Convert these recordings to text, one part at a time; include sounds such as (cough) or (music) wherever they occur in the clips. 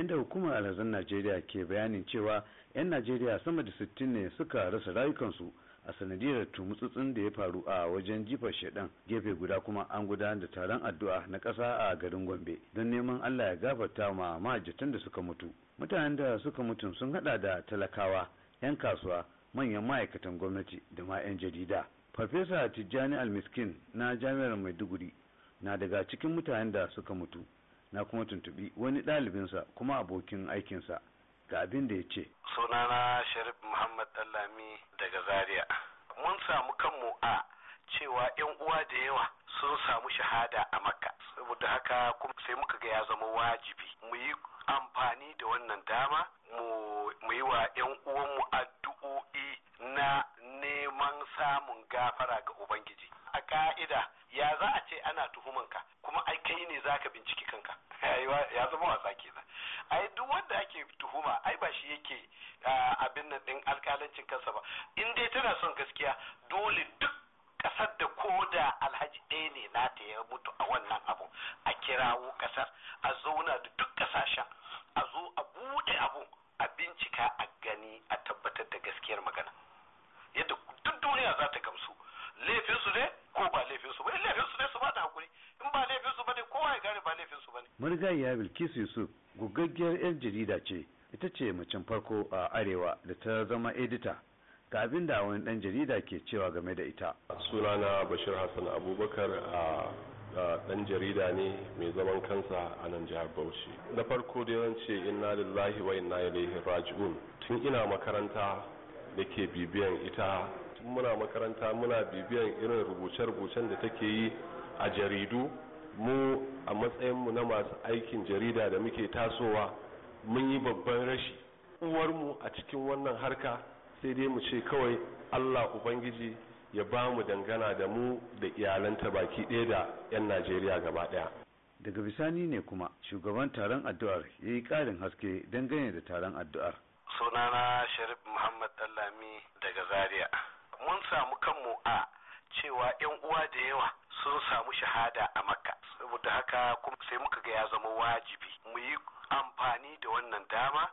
yayin da hukumar alhazan najeriya ke bayanin cewa 'yan najeriya sama da 60 ne suka rasa rayukansu a sanadiyar tumutsutsun da ya faru a wajen jifar shaɗan gefe guda kuma an gudanar da taron addu'a na ƙasa a garin gombe don neman allah ya gafarta ma mahajjatan da suka mutu mutanen da suka mutu sun hada da talakawa 'yan kasuwa manyan ma'aikatan gwamnati da ma 'yan jarida farfesa tijjani almiskin na jami'ar maiduguri na daga cikin mutanen da suka mutu na kuma tuntubi wani ɗalibinsa kuma abokin aikinsa ga abin da ya ce sunana sharif muhammad dallami daga zaria mun samu kanmu a cewa yan uwa da yawa sun samu shahada a makka saboda haka kuma sai muka ga ya zama wajibi mu yi amfani da wannan dama mu yi wa yan uwanmu addu'o'i na neman samun gafara ga ubangiji a ka'ida ya za a ce ana tuhumanka kuma ai kai ne zaka ka binciki kanka (laughs) ya zama wasa kenan ai duk wanda ake tuhuma ai ba shi yake abin nan din alkalancin kansa ba in dai tana son gaskiya dole duk kasar da ko da alhaji ɗaya ne nata ya mutu a wannan abu a kirawo kasar a zauna ba laifin su bane kowa ya gane ba laifin su bane ya bilkisu yusuf gugaggiyar yan jarida ce ita ce macen farko a arewa da ta zama edita ga abin da wani dan jarida ke cewa game da ita na bashir hassan abubakar a dan jarida ne mai zaman kansa a nan jihar bauchi na farko da yawan ce inna lillahi wa inna ilaihi raji'un tun ina makaranta da ke bibiyan ita tun muna makaranta muna bibiyan irin rubuce-rubucen da take yi a jaridu mu a matsayinmu na masu aikin jarida da muke tasowa mun yi babban rashi uwarmu a cikin wannan harka sai dai mu ce kawai allah ubangiji ya ba mu dangana da mu da iyalanta baki ɗaya da 'yan najeriya gaba ɗaya daga bisani ne kuma shugaban taron addu'ar ya yi ƙarin haske dangane da taron addu'ar sunana sharif muhammad dallami daga zaria mun samu kanmu a cewa 'yan uwa da yawa sun samu shahada a makka saboda haka kuma sai muka ga ya zama wajibi mu yi amfani da wannan dama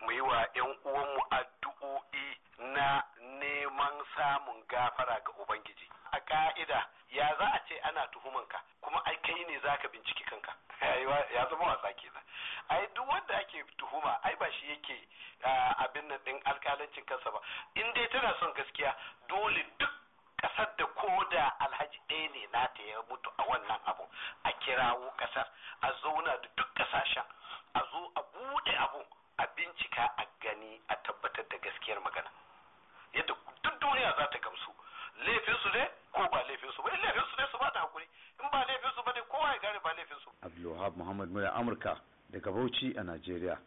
mu yi wa 'yan uwanmu addu'o'i na neman samun gafara ga ubangiji a ka'ida ya za a ce ana tuhumanka kuma ai kai ne za ka binciki kanka (laughs) ya zama wasa kenan ai duk wanda ake tuhuma ai ba shi yake ah, abin nan din alkalancin kansa ba in dai tana son gaskiya dole duk alhaji ɗaya ne na ta ya mutu a wannan abu a kirawo ƙasar a zauna da duk ƙasashen a zo a buɗe abu a bincika a gani a tabbatar da gaskiyar magana yadda duk duniya za ta gamsu laifinsu ne ko ba laifinsu ba su ne su ba da hakuri in ba laifin ba ne kowa ya gane ba laifin su Abdulwahab Muhammad Mura Amurka daga Bauchi a Najeriya.